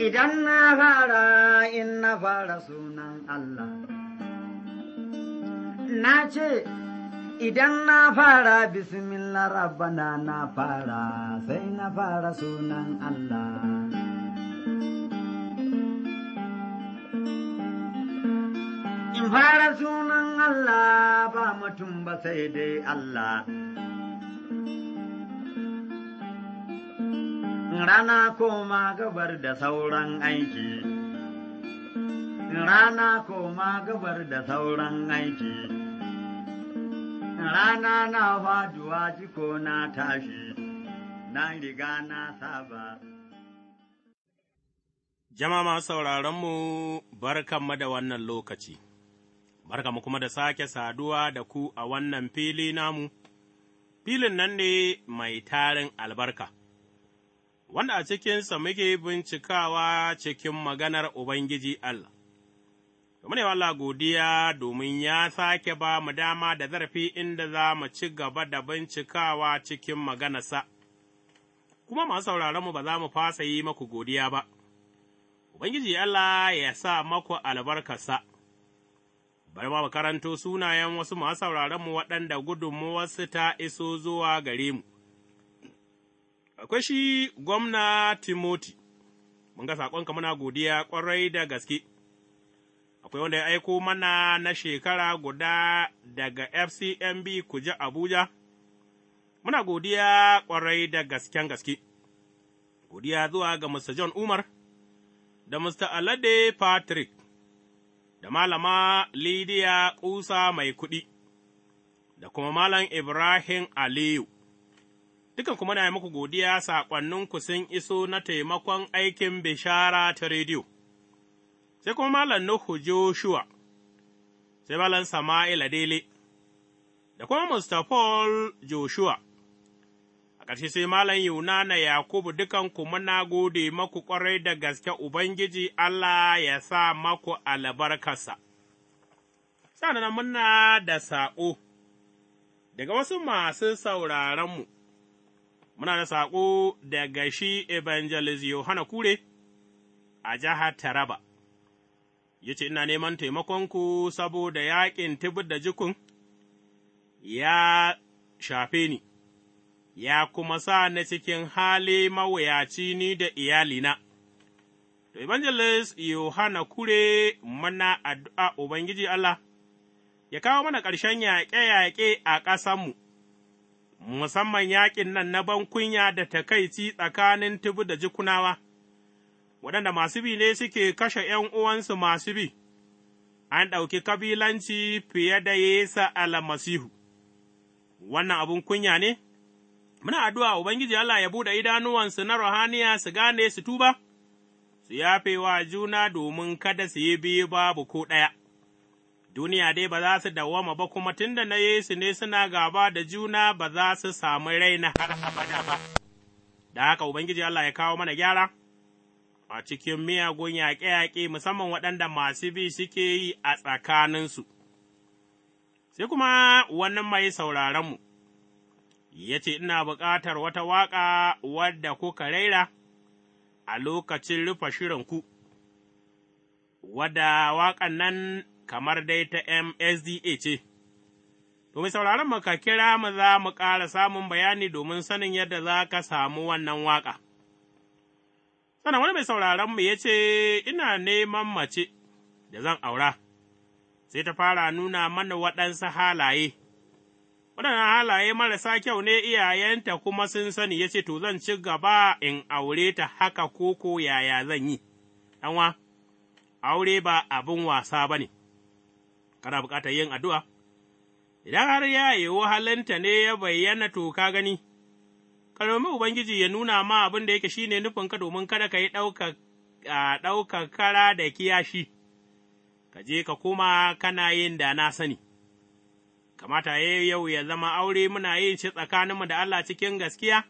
idan na fara in na fara sunan Allah. Na ce, idan na fara bismillah rabbana na fara sai na fara sunan Allah. In fara sunan Allah ba mutum ba sai dai Allah. rana koma gabar da sauran aiki. Rana koma gabar da sauran aiki. Rana na faduwa jiko na tashi, na riga na saba. Jama masu sauraronmu, barkanmu da wannan lokaci, barka mu kuma da sake saduwa da ku a wannan fili namu, filin nan ne mai tarin albarka. wanda a cikinsa muke bincikawa cikin maganar Ubangiji Allah. Domin ne Allah godiya domin ya sake ba mu dama da zarafi inda za mu ci gaba da bincikawa cikin maganarsa, kuma masu mu ba za mu fasa yi maku godiya ba, Ubangiji Allah ya sa maku albarkarsa. Bari ma karanto sunayen wasu masu sauraron mu waɗanda gudunmu wasu ta iso zuwa gare mu. akwai shi gwamna Timoti, mun ga saƙonka muna godiya ƙwarai da gaske, akwai wanda ya aiko mana na shekara guda daga FCMB Kuja Abuja, muna godiya ƙwarai da gasken gaske, godiya zuwa ga Mr. John Umar da Mr. Alade Patrick. Da Malama Lidiya Ƙusa mai kuɗi, da kuma Malam Ibrahim Aliyu. dukan kuma na muku godiya saƙonninku sun iso na taimakon aikin bishara ta rediyo. Sai kuma Malam Nuhu Joshua, sai Malam Sama'ila Dele, da kuma Paul Joshua. A ƙarshe sai Malam Yunana Yakubu dukanku muna gode maku ƙwarai da gaske Ubangiji Allah ya sa maku albarkarsa. Sa'an muna da saƙo daga wasu masu sauraronmu. muna da saƙo daga shi Evangelist Yohana Kure a jihar Taraba, ya ce, Ina neman taimakonku saboda yaƙin tibir da jikun ya shafe ni, ya kuma sa na cikin hali mawuyaci ni da iyalina. To, Evangelist Yohana Kure mana addu'a Ubangiji Allah, ya kawo mana ƙarshen yaƙe-yaƙe a ƙasanmu. musamman yaƙin nan na bankunya da takaici tsakanin tubu da jikunawa, waɗanda masu bi ne suke kashe ’yan uwansu masu bi, an ɗauki kabilanci fiye da Yesu almasihu. Wannan abin kunya ne, muna addu'a Ubangiji Allah ya buɗe idanuwansu na ruhaniya su gane su tuba, su yafe wa juna domin kada su yi biyu babu ko ɗaya. duniya dai ba za su dawwama ba kuma tun da na Yesu ne suna gaba da juna ba za su samu raina har abada Da haka Ubangiji Allah ya kawo mana gyara a cikin miyagun yaƙe-yaƙe musamman waɗanda masu bi suke yi a tsakaninsu. Sai kuma wani mai sauraronmu ya ce, Ina buƙatar wata waƙa wadda kuka raira a lokacin rufe shirinku, wadda waƙan nan kamar dai ta MSDA ce. To, mai sauraron mu ka kira mu za mu ƙara samun bayani domin sanin yadda za ka samu wannan waƙa. Sannan wani mai sauraron mu ya ce, Ina neman mace da zan aura, sai ta fara nuna mana waɗansu halaye. waɗannan halaye marasa kyau ne iyayenta kuma sun sani ya ce, To, zan ci gaba in aure ta haka koko yaya zan yi, ɗanwa, aure ba abin wasa ba ne, kana bukatar yin addu'a, idan har ya yiwu halinta ne ya bayyana to ka gani, kalmomi Ubangiji ya nuna ma abin da yake shi ne ka domin kada ka yi ɗaukar kara da kiyashi, ka je ka koma kana yin da na sani. Kamata ya yau ya zama aure muna yin shi tsakaninmu da Allah cikin gaskiya,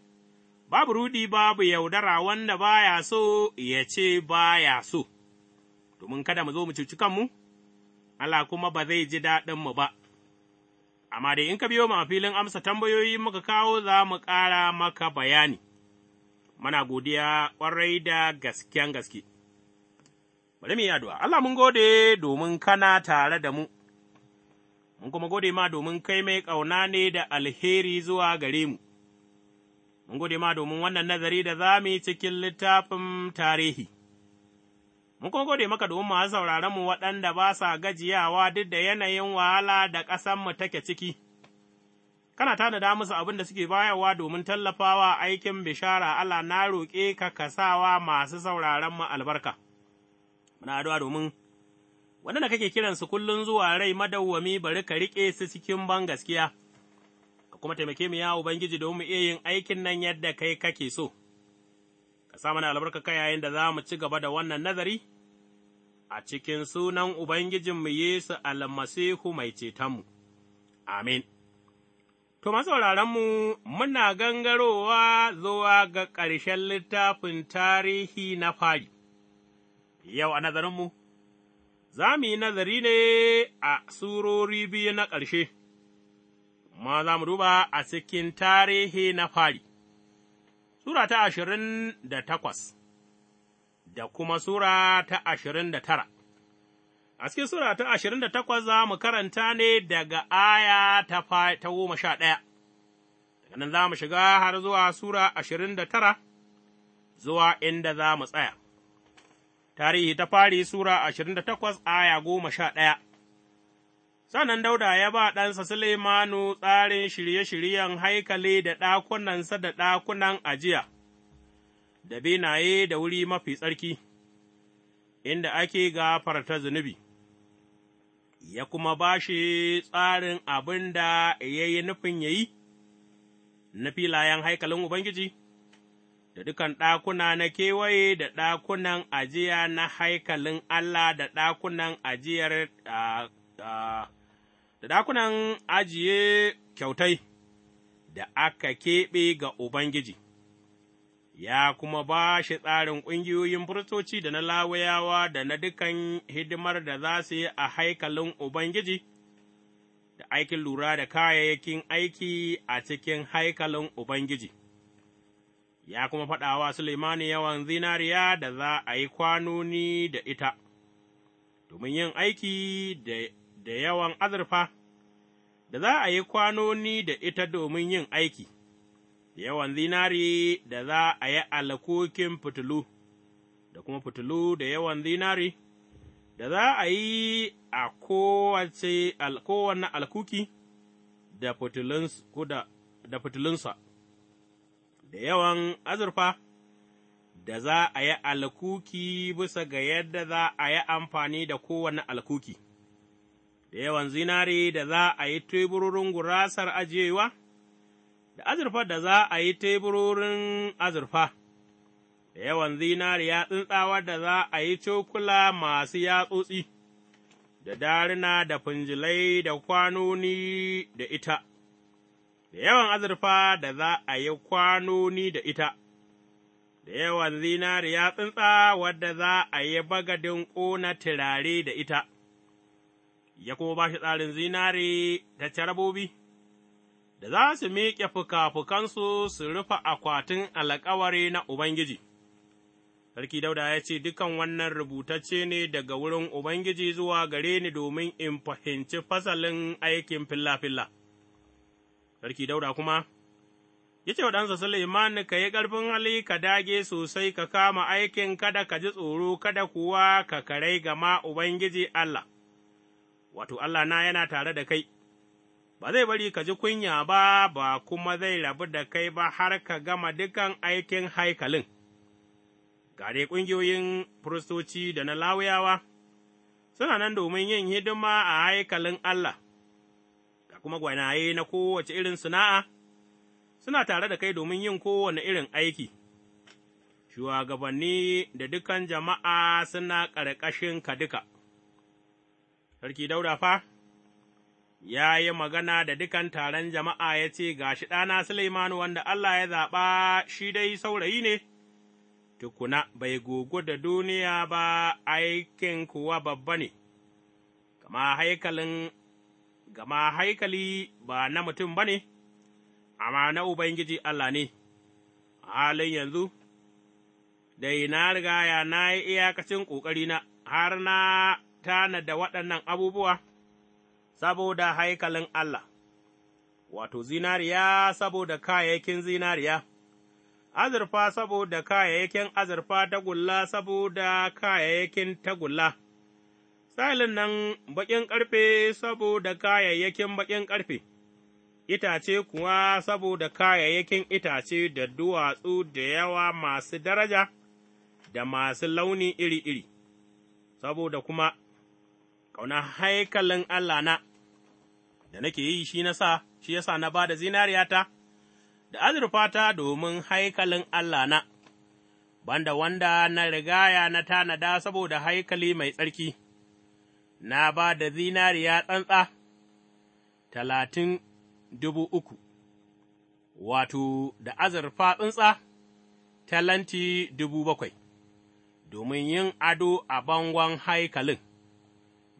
babu rudi babu yaudara wanda baya so ya ce baya so, domin kada mu zo mu cuci kanmu. Allah kuma ba zai ji daɗinmu ba. Amma dai in ka biyo mu a filin amsa tambayoyi muka kawo za mu ƙara maka bayani, mana godiya ƙwarai da gasken gaske. Bari mu yi addu'a, Allah mun gode domin kana tare da mu, mun kuma gode ma domin kai mai ƙauna ne da alheri zuwa gare mu. Mun gode ma domin wannan nazari da za mu yi cikin littafin tarihi. Mun kuma gode maka domin masu sauraron mu waɗanda ba sa gajiyawa duk da yanayin wahala da ƙasanmu take ciki. Kana tanada musu abin da suke bayarwa domin tallafawa aikin bishara Allah na roƙe ka kasawa masu sauraron mu albarka. Muna addu'a domin waɗanda kake kiran su kullum zuwa rai madawwami bari ka riƙe su cikin ban gaskiya, ka kuma taimake mu ya Ubangiji domin mu iya yin aikin nan yadda kai kake so. sa mana albarka yayin da za mu ci gaba da wannan nazari a cikin sunan Ubangijinmu Yesu almasihu mai cetonmu. Amin. To, masu mu muna gangarowa zuwa ga ƙarshen littafin tarihi na fari, yau a nazarinmu, za mu yi nazari ne a surori biyu na ƙarshe, ma za mu duba a cikin tarihi na fari. Sura ta ashirin da takwas da kuma Sura ta ashirin da tara A cikin Sura ta ashirin da takwas za mu karanta ne daga aya ta goma sha ɗaya, daga nan za mu shiga har zuwa Sura ashirin da tara zuwa inda za mu tsaya. Tarihi ta fari Sura ashirin da takwas aya goma sha ɗaya. Sannan Dauda ya ba ɗansa Suleimanu tsarin shirye-shiryen haikali da ɗakunansa da ɗakunan ajiya, da benaye da wuri mafi tsarki, inda ake gafarta zunubi, ya kuma ba shi tsarin abin da ya yi nufin ya yi, na filayen haikalin Ubangiji, da dukan ɗakuna na kewaye da ɗakunan ajiya na haikalin Allah da ɗakunan ajiyar ah, ah, da ɗakunan ajiye kyautai da aka keɓe ga Ubangiji, ya kuma ba shi tsarin ƙungiyoyin firistoci da na lawayawa da na dukan hidimar da za su yi a haikalin Ubangiji, da aikin lura da kayayyakin aiki a cikin haikalin Ubangiji. Ya kuma faɗawa Suleimani yawan zinariya da za a yi kwanoni da ita, domin yin aiki da da yawan azurfa, da za a yi kwanoni da ita domin yin aiki, da yawan zinari da za a yi alakokin fitilu, da kuma fitilu da yawan zinari, da za a yi a kowace kowane alkuki da fitilunsa, da yawan azurfa. da za a yi alkuki bisa ga yadda za a yi amfani da kowane alkuki. da yawan zinari da za a yi teburorin gurasar ajiyewa, da azurfa da za a yi teburorin azurfa, da yawan zinari ya tsintsawa da za a yi cokula masu yatsotsi, da darina da funjilai da kwanoni da ita, da yawan azurfa da za a yi kwanoni da ita. da yawan zinari ya tsintsa wadda za a yi bagadin ƙona turare da ita, ya kuma ba shi tsarin zinare da carabobi, da za su miƙe fuka-fukansu su rufe akwatin alkawari na Ubangiji. Sarki Dauda ya ce, Dukan wannan rubutacce ne daga wurin Ubangiji zuwa gare ni domin in fahimci fasalin aikin filla-filla. Sarki Dauda kuma, ya ce wa ɗansa Suleiman, ka yi ƙarfin hali ka dage sosai ka kama aikin kada ka ji tsoro kada kuwa ka karai gama Ubangiji Allah, wato Allah na yana tare da kai, ba zai bari ka ji kunya ba, ba kuma zai rabu da kai ba har ka gama dukan aikin haikalin. Gare ƙungiyoyin firistoci da na lawuyawa suna nan domin yin hidima a haikalin Allah, ga kuma gwanaye na kowace irin sana'a, suna tare da kai domin yin kowane irin aiki. Shugabanni da dukan jama'a suna ƙarƙashin ka duka. Sarki Dauda fa, ya yi magana da dukan taron jama'a ya ce, Ga shi ɗana Suleiman wanda Allah ya zaɓa shi dai saurayi ne, tukuna bai gogo da duniya ba aikin kuwa babba ne, gama haikalin, gama haikali ba na mutum ba ne, amma na Ubangiji Allah ne, halin yanzu, dai na riga na yi iyakacin ƙoƙarina har na da waɗannan abubuwa saboda haikalin Allah, wato zinariya saboda kayayyakin zinariya, azurfa saboda kayayyakin azurfa tagulla saboda kayayyakin tagulla, sa'ilin nan baƙin ƙarfe saboda kayayyakin baƙin ƙarfe. itace kuwa saboda kayayyakin itace da duwatsu da yawa masu daraja da masu launi iri-iri, saboda kuma ƙauna haikalin Allah na, da nake yi shi na sa, shi yasa na ba da zinariyata, da azurfata domin haikalin Allah na, banda wanda na rigaya na tanada saboda haikali mai tsarki, na ba da zinariya tsantsa talatin dubu uku, wato, da azurfa tsantsa talenti dubu bakwai, domin yin ado a bangon haikalin.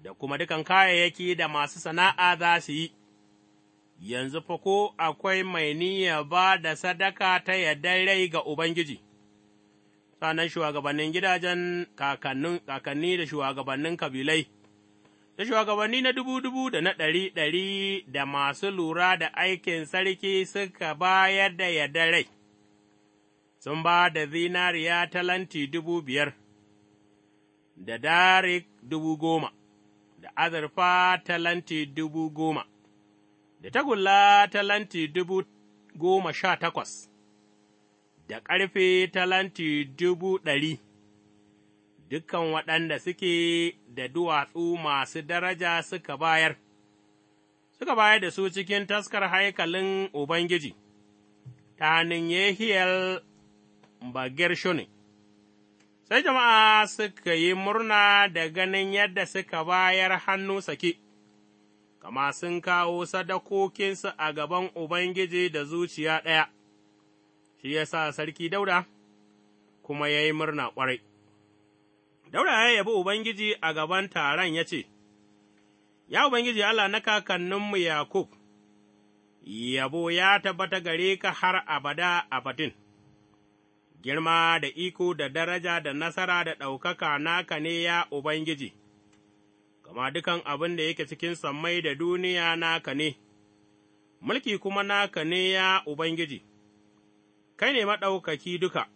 da kuma dukan kayayyaki da masu sana'a za su yi, yanzu fa ko akwai mai niyya ba da sadaka ta yadda rai ga Ubangiji, sanan shugabannin gidajen kakanni da shugabannin kabilai, da shugabanni na dubu-dubu da na ɗari-ɗari da masu lura da aikin sarki suka bayar da yadda rai, sun ba da zinariya talanti dubu biyar. Da darik dubu goma, azurfa talanti dubu goma, da tagulla talanti dubu goma sha takwas, da ƙarfe talanti dubu ɗari, dukan waɗanda suke da duwatsu masu daraja suka bayar, suka bayar da su cikin taskar haikalin Ubangiji, ta hannun Yehiyel sai jama'a suka yi murna da ganin yadda suka bayar hannu sake, kama sun kawo sadakokinsu a gaban Ubangiji da zuciya ɗaya, shi ya sa sarki Dauda kuma ya yi murna ƙwarai. Dauda ya yabi Ubangiji a gaban taron ya ce, Ya Ubangiji Allah na kakanninmu Yakub, yabo ya tabbata gare ka har abada a abadin. girma da iko da daraja da nasara da ɗaukaka naka ne ya Ubangiji, gama dukan abin da yake cikin sammai da duniya naka ne, mulki kuma naka ne ya Ubangiji, kai ne maɗaukaki duka,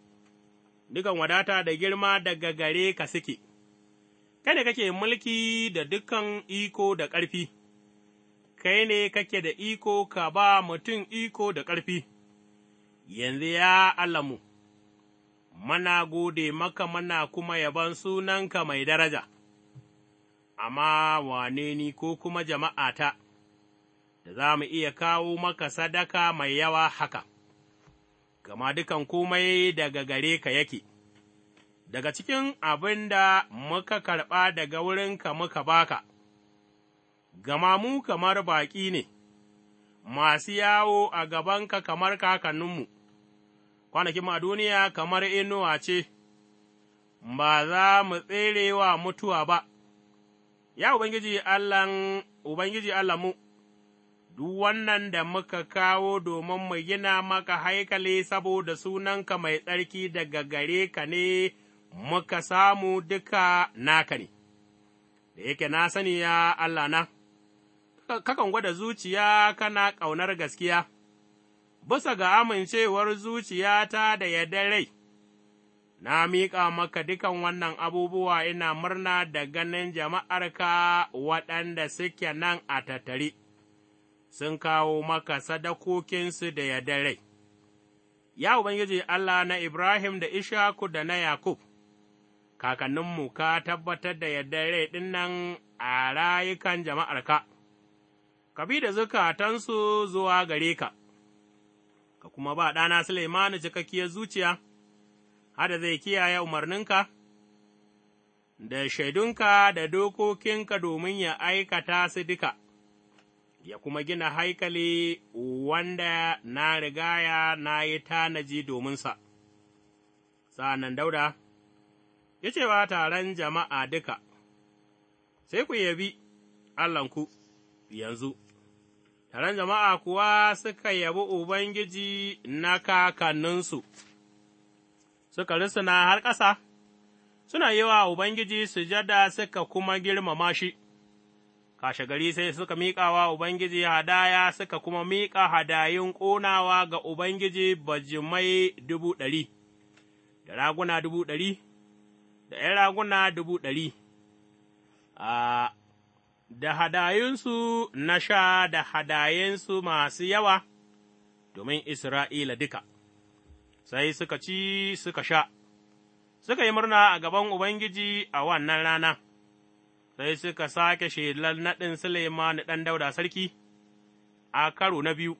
dukan wadata da girma daga gare ka suke, kai ne kake mulki da dukan iko da ƙarfi, kai ne kake da iko ka ba mutum iko da ƙarfi, yanzu ya Allahnmu. mana gode maka mana kuma yaban sunanka mai daraja, amma wane ni ko kuma jama'a ta? da za mu iya kawo maka sadaka mai yawa haka, gama dukan komai daga gare ka yake, daga cikin abin da muka karɓa daga wurinka muka baka, gama mu kamar baƙi ne, masu yawo a gabanka kamar kakanninmu. kwanakin a duniya kamar inuwa ce, ba za mu tsere wa mutuwa ba, ya Ubangiji Allahn Ubangiji mu. duk wannan da muka kawo domin mu gina maka haikali saboda sunanka mai tsarki daga gare ka ne muka samu duka naka ne, da yake na sani ya Allah na, kakan gwada zuciya kana ƙaunar gaskiya. bisa ga amincewar zuciyata da ya rai, na miƙa maka dukan wannan abubuwa ina murna da ganin jama'arka waɗanda suke nan a tattari. sun kawo maka sadakokinsu da yardar rai. Ya Ubangiji Allah na Ibrahim da Ishaku da na Yakub, kakanninmu ka tabbatar da yardar rai ɗin nan a rayukan jama'arka, ka bi da zukatansu zuwa gare ka. ka kuma ba ɗana Suleimanu cikakkiyar zuciya, hada zai kiyaye umarninka, da shaidunka da dokokinka domin ya aikata su duka, ya kuma gina haikali wanda na rigaya na yi tanaji dominsa. Sa'an nan dauda, ya ce wa taron jama'a duka, sai ku yabi Allahnku yanzu. taron jama'a kuwa suka yabi Ubangiji na kakanninsu, suka risuna har ƙasa, suna yi wa Ubangiji sujada suka kuma girmama shi, gari sai suka miƙa wa Ubangiji hadaya suka kuma miƙa hadayun ƙonawa ga Ubangiji bajimai dubu ɗari, da raguna dubu ɗari, da ’yan raguna dubu ɗari. Ah, da hadayunsu na sha da hadayensu masu yawa domin Isra'ila duka, sai suka ci suka sha, suka yi murna a gaban Ubangiji a wannan rana, sai suka sake shelar naɗin Suleiman ɗan dauda sarki a karo na biyu,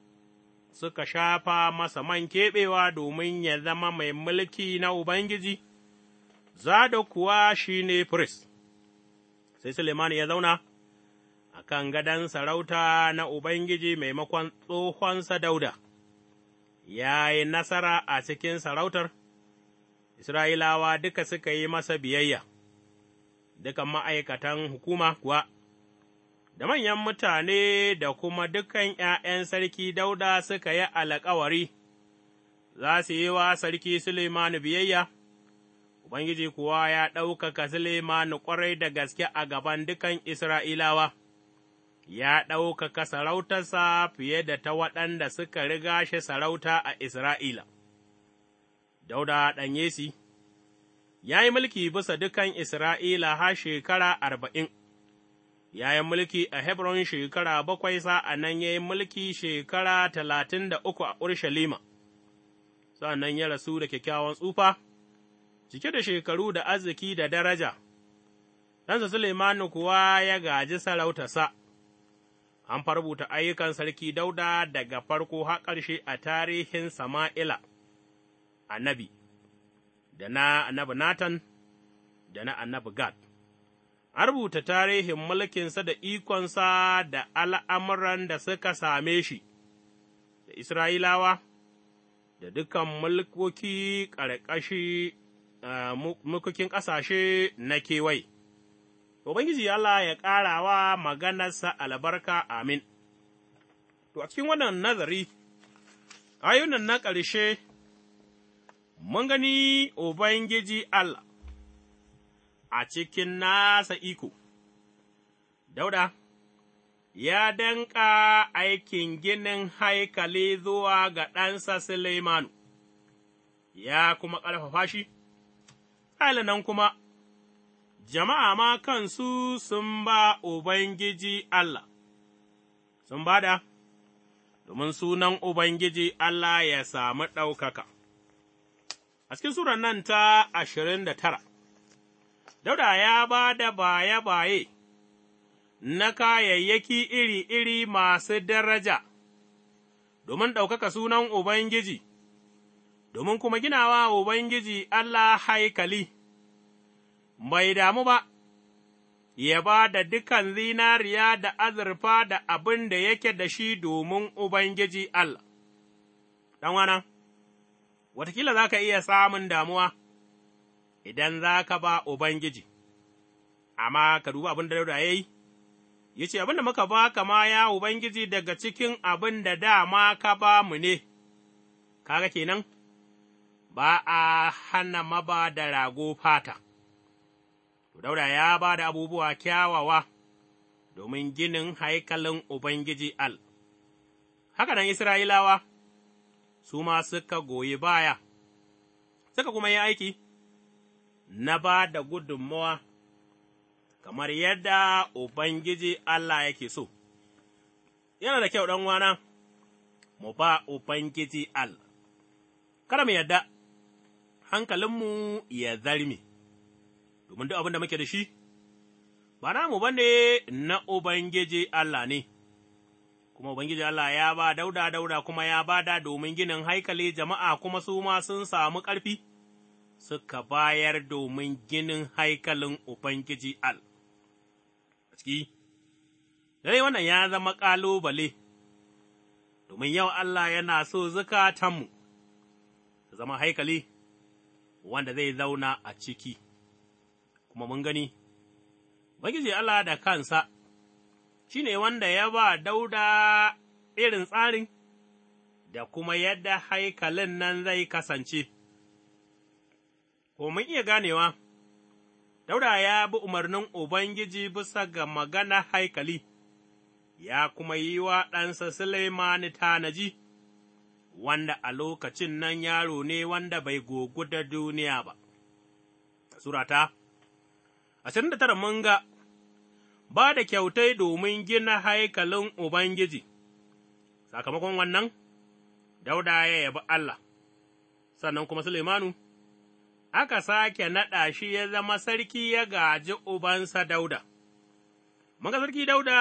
suka shafa masa man keɓewa domin ya zama mai mulki na Ubangiji, Zada kuwa shi ne firist. sai Suleiman ya zauna. kan gadon sarauta na Ubangiji maimakon tsohonsa Dauda, ya yi nasara a cikin sarautar, Isra'ilawa duka suka yi masa biyayya, duka ma'aikatan hukuma kuwa, da manyan mutane da kuma dukan ’ya'yan sarki Dauda suka yi alkawari, za su yi wa sarki Suleimanu biyayya. Ubangiji kuwa ya ɗaukaka Suleimanu ƙwarai da gaske a gaban dukan Isra'ilawa. ya ɗaukaka sarautarsa fiye da ta waɗanda suka riga shi sarauta a Isra'ila. Dauda ɗan Yesi ya yi mulki bisa dukan Isra'ila har shekara arba'in, ya yi mulki a Hebron shekara bakwai sa'an nan ya yi mulki shekara talatin da uku a Urshalima, sa'an nan ya rasu da kyakkyawan tsufa, cike da shekaru da arziki da daraja, ɗansa Suleimanu kuwa ya gaji sarautarsa. an farbuta ayyukan sarki Dauda daga farko har ƙarshe a tarihin Sama'ila, annabi, da na annabi Natan, da na annabi Gad. An rubuta tarihin mulkinsa da ikonsa da al'amuran da suka same shi, da Isra'ilawa, da dukan mulkoki ƙarƙashi, eh, mulkokin ƙasashe na kewaye. Ubangiji Allah ya ƙara wa maganarsa albarka amin. To, a cikin wannan nazari, ayunan na ƙarshe, mun gani Ubangiji Allah a cikin nasa iko, dauda, ya danƙa aikin ginin haikali zuwa ga ɗansa Suleimanu, ya kuma ƙarfafa shi, nan kuma jama'a ma kansu sun ba Ubangiji Allah, sun bada, domin sunan Ubangiji Allah ya samu ɗaukaka. A cikin nan ta ashirin da tara, Dauda ya ba da baye-baye na kayayyaki iri-iri masu daraja, domin ɗaukaka sunan Ubangiji, domin kuma ginawa Ubangiji Allah haikali. bai damu ba, ya ba da dukan zinariya da azurfa da abin da yake da shi domin Ubangiji Allah. Ɗanwana, watakila za ka iya samun damuwa idan za ka ba Ubangiji, amma ka duba abin da Dauda ya yi, ya ce abin da muka ba ka ma ya Ubangiji daga cikin abin da dama ka ba mu ne, kaga kenan, ba a hana maba da rago fata. To, Dauda ya ba da abubuwa kyawawa domin ginin haikalin Ubangiji Al. Haka nan Isra'ilawa, su ma suka goyi baya, suka kuma yi aiki na ba da gudunmawa kamar yadda Ubangiji Allah yake so. Yana da kyau ɗan’wana mu ba Ubangiji Al, kada mu yadda hankalinmu ya zarme. domin duk abin da muke da shi, ba namu ba ne na Ubangiji Allah ne, kuma Ubangiji Allah ya ba dauda dauda kuma ya bada domin ginin haikali jama'a kuma su ma sun samu ƙarfi, suka bayar domin ginin haikalin Ubangiji Al. A ciki, dare wannan ya zama ƙalubale, domin yau Allah yana so zukatanmu, zama haikali wanda zai zauna a ciki. kuma mun gani, Ubangiji Allah da kansa shi ne wanda ya ba dauda irin tsarin da kuma yadda haikalin nan zai kasance, ko mun iya ganewa, dauda ya bi umarnin Ubangiji bisa ga magana haikali, ya kuma yi wa ɗansa Sulaimani tanaji. wanda a lokacin nan yaro ne wanda bai gogu da duniya ba. Surata ashirin da tara mun ga ba da kyautai domin gina haikalin Ubangiji, sakamakon wannan, dauda ya yabi Allah, sannan kuma Suleimanu, aka sake naɗa shi ya zama sarki ya gaji ubansa dauda. Manga sarki dauda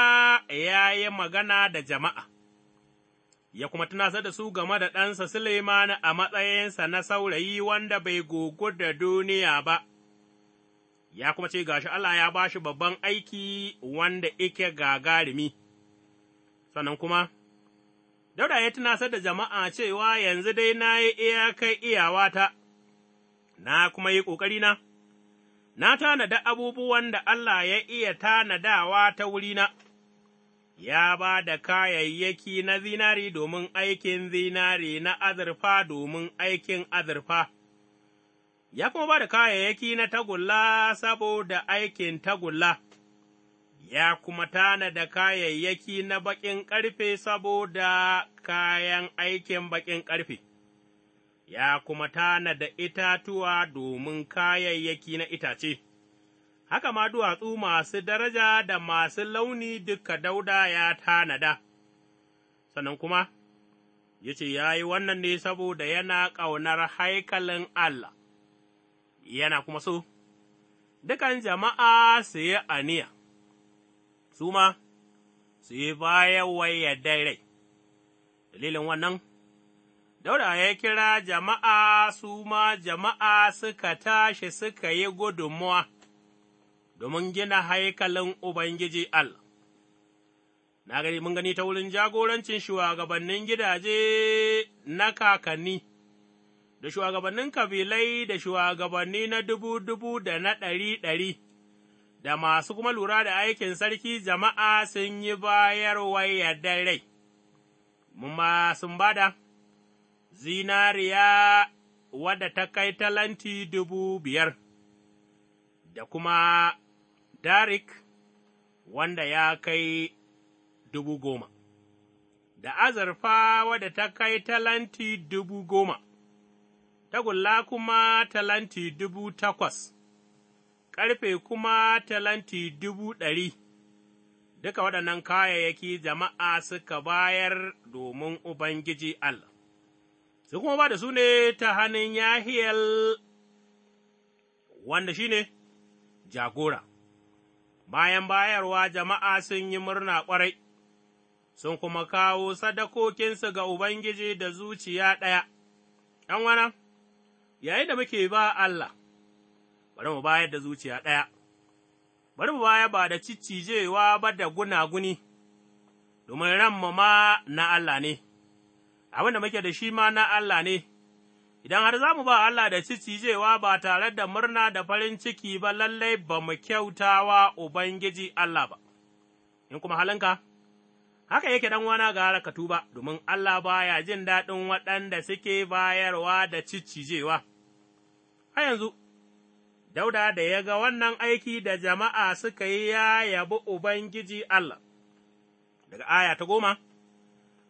ya yi magana da jama'a, ya kuma tunasar da su game da ɗansa Suleimanu a matsayinsa na saurayi wanda bai gogu da duniya ba. ya kuma ce gashi Allah ya ba shi babban aiki wanda ike gagarumi, sannan kuma, Dauda ya tunasar da jama'a cewa yanzu dai na yi iyakai iyawata, na kuma yi ƙoƙarina, na tanada abubuwan da Allah ya iya tanadawa ta wurina, ya ba da kayayyaki na zinari domin aikin zinari na azurfa domin aikin azurfa. ya kuma ba da kayayyaki na tagulla saboda aikin tagulla, ya kuma tana da kayayyaki na baƙin ƙarfe saboda kayan aikin baƙin ƙarfe, ya kuma tana da itatuwa domin kayayyaki na itace. Haka ma duwatsu masu daraja da masu launi duka dauda ya tanada, sannan kuma, ya ce ya yi wannan ne saboda yana ƙaunar haikalin Allah. yana kuma so, dukan jama'a su yi aniya, su ma su yi bayawa yadda rai, dalilin wannan, Dauda ya kira jama'a su ma jama'a suka tashi suka yi gudunmuwa domin gina haikalin Ubangiji Allah. Na gani mun gani ta wurin jagorancin shugabannin gidaje na kakanni. da shugabannin kabilai da shugabanni na dubu dubu da na ɗari ɗari, da masu kuma lura da aikin sarki jama'a sun yi bayarwar yardar rai, ma sun bada zinariya wadda ta kai talanti dubu biyar, da kuma darik wanda ya kai dubu goma. Da azurfa wadda ta kai talanti dubu goma, tagulla kuma talanti dubu takwas, ƙarfe kuma talanti dubu ɗari, duka waɗannan kayayyaki jama'a suka bayar domin Ubangiji Allah. Su kuma ba da su ne ta hannun yahiyar, wanda shi ne jagora. Bayan bayarwa jama'a sun yi murna ƙwarai, sun kuma kawo sadakokinsu ga Ubangiji da zuciya ɗaya, ’yan wana, yayin da muke ba Allah, bari mu bayar da zuciya ɗaya, bari mu baya ba da ciccijewa ba da gunaguni, domin ranmu ma na Allah ne, abin da muke da shi ma na Allah ne, idan har za mu ba Allah da ciccijewa ba tare da murna da farin ciki ba lallai ba mu kyautawa Ubangiji Allah ba, in kuma halinka? haka yake ɗan wana ga harakatu ba domin Allah baya jin daɗin waɗanda suke bayarwa da ciccijewa. a yanzu. Dauda da ya ga wannan aiki da jama'a suka yi ya yabi Ubangiji Allah, daga aya ta goma,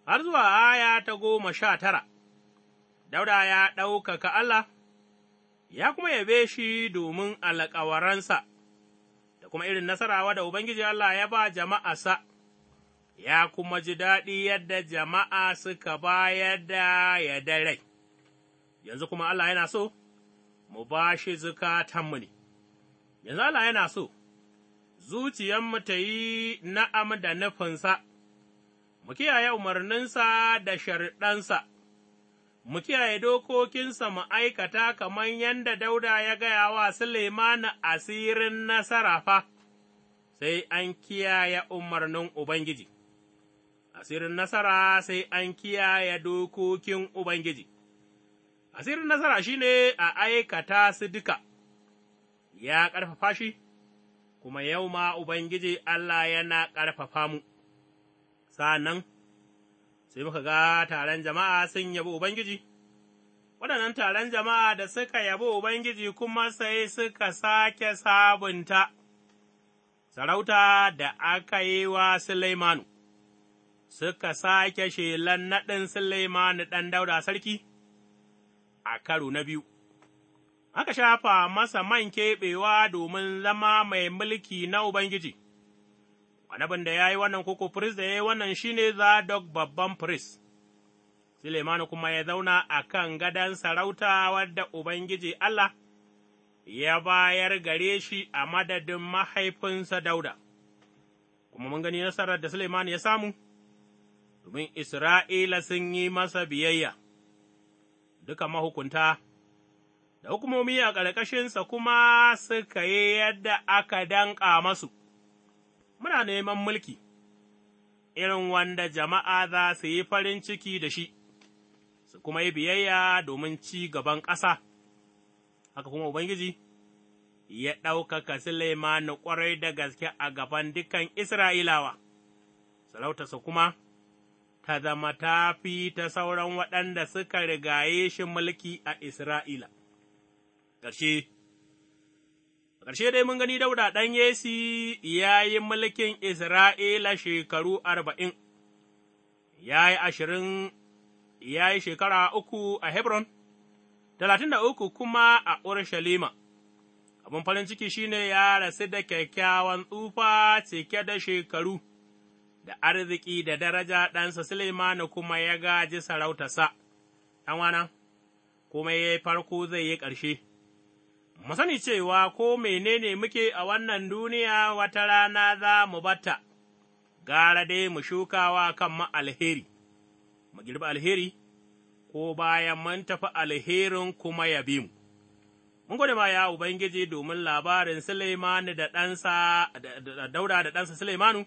har zuwa aya ta goma sha tara, Dauda ya ɗaukaka Allah, ya kuma yabe shi domin alƙawaransa, da kuma irin nasarawa da Ubangiji Allah ya ba jama'asa, ya kuma ji daɗi yadda jama'a suka bayar da ya rai, yanzu kuma Allah yana so. mu ba shi zukatanmu ne, yanzu Allah yana so, zuciyanmu ta yi na'am da nufinsa, mu kiyaye umarninsa da sharɗansa, mu kiyaye dokokinsa mu aikata kamar yadda Dauda ya gaya wa Suleimanu asirin nasara fa, sai an kiyaye umarnin Ubangiji, asirin nasara sai an kiyaye dokokin Ubangiji. Asirin nasara shi ne a aikata su duka, ya ƙarfafa shi, kuma yau ma Ubangiji Allah yana ƙarfafa mu, sa'an sai muka ga taron jama'a sun yabi Ubangiji, waɗannan taron jama'a da suka yabi Ubangiji kuma sai suka sake sabunta sarauta da aka yi wa Suleimanu, suka sake shelan naɗin Suleimanu ɗan dauda sarki. a karo na biyu. Aka shafa masa man keɓewa domin zama mai mulki na Ubangiji, annabin da ya yi wannan koko firist da ya yi wannan shi ne Zadok babban firist. Sulemanu kuma ya zauna a kan gadon sarauta wadda Ubangiji Allah ya bayar gare shi a madadin mahaifinsa Dauda, kuma mun gani nasarar da Suleimanu ya samu, domin Isra'ila sun yi masa biyayya. duka mahukunta, da hukumomi a ƙarƙashinsa kuma suka yi yadda aka danƙa masu, muna neman mulki, irin wanda jama'a za su yi farin ciki da shi, su kuma yi biyayya domin ci gaban ƙasa, haka kuma Ubangiji. Ya ɗaukaka Suleimanu ƙwarai da gaske a gaban dukan Isra'ilawa, sarautarsa kuma ta zama ta fi ta sauran waɗanda suka rigaye shi mulki a Isra'ila. Ƙarshe Ƙarshe dai mun gani dauda ɗan Yesi ya yi mulkin Isra'ila shekaru arba'in, ya yi ashirin, ya yi shekara uku a Hebron, talatin da uku kuma a Urushalima. Abin farin ciki shine ya rasu da kyakkyawan tsufa cike da shekaru. da arziki da daraja ɗansa Suleimanu kuma ya gaji sarautarsa, ɗanwana, kuma ya yi farko zai yi ƙarshe. Mu sani cewa ko menene muke a wannan duniya wata rana za mu batta, gara dai mu shukawa kan ma alheri, mu girbi alheri, ko bayan mun tafi alherin kuma ya bi mu. Mun gode ma ya Ubangiji domin labarin Suleimanu da ɗansa, da Dauda da ɗansa Suleimanu.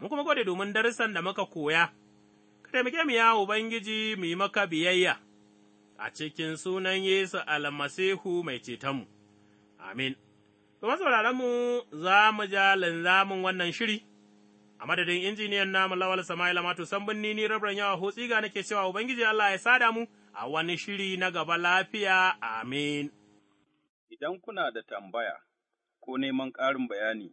mu kuma gode domin darussan da muka koya, ka taimake mu ya Ubangiji mu yi maka biyayya a cikin sunan Yesu almasihu mai cetonmu, amin. Domin sauraronmu za mu ja linzamin wannan shiri, a madadin injiniyan namu Lawal Sama'ila Mato Sambunni ni rabran yawa hotsi ga nake cewa Ubangiji Allah ya sada mu a wani shiri na gaba lafiya, amin. Idan kuna da tambaya ko neman ƙarin bayani.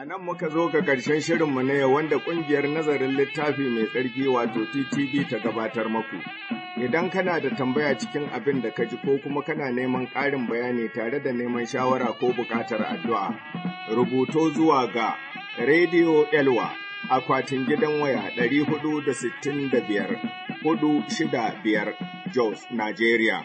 A nan muka zo ga ƙarshen shirinmu ne wanda ƙungiyar nazarin littafi mai tsarki wato TTV ta gabatar maku. Idan kana da tambaya cikin abin da ka ji ko kuma kana neman ƙarin bayani tare da neman shawara ko buƙatar addu'a, rubuto zuwa ga Radio Elwa akwatin gidan waya 465 465 Jos, Nigeria.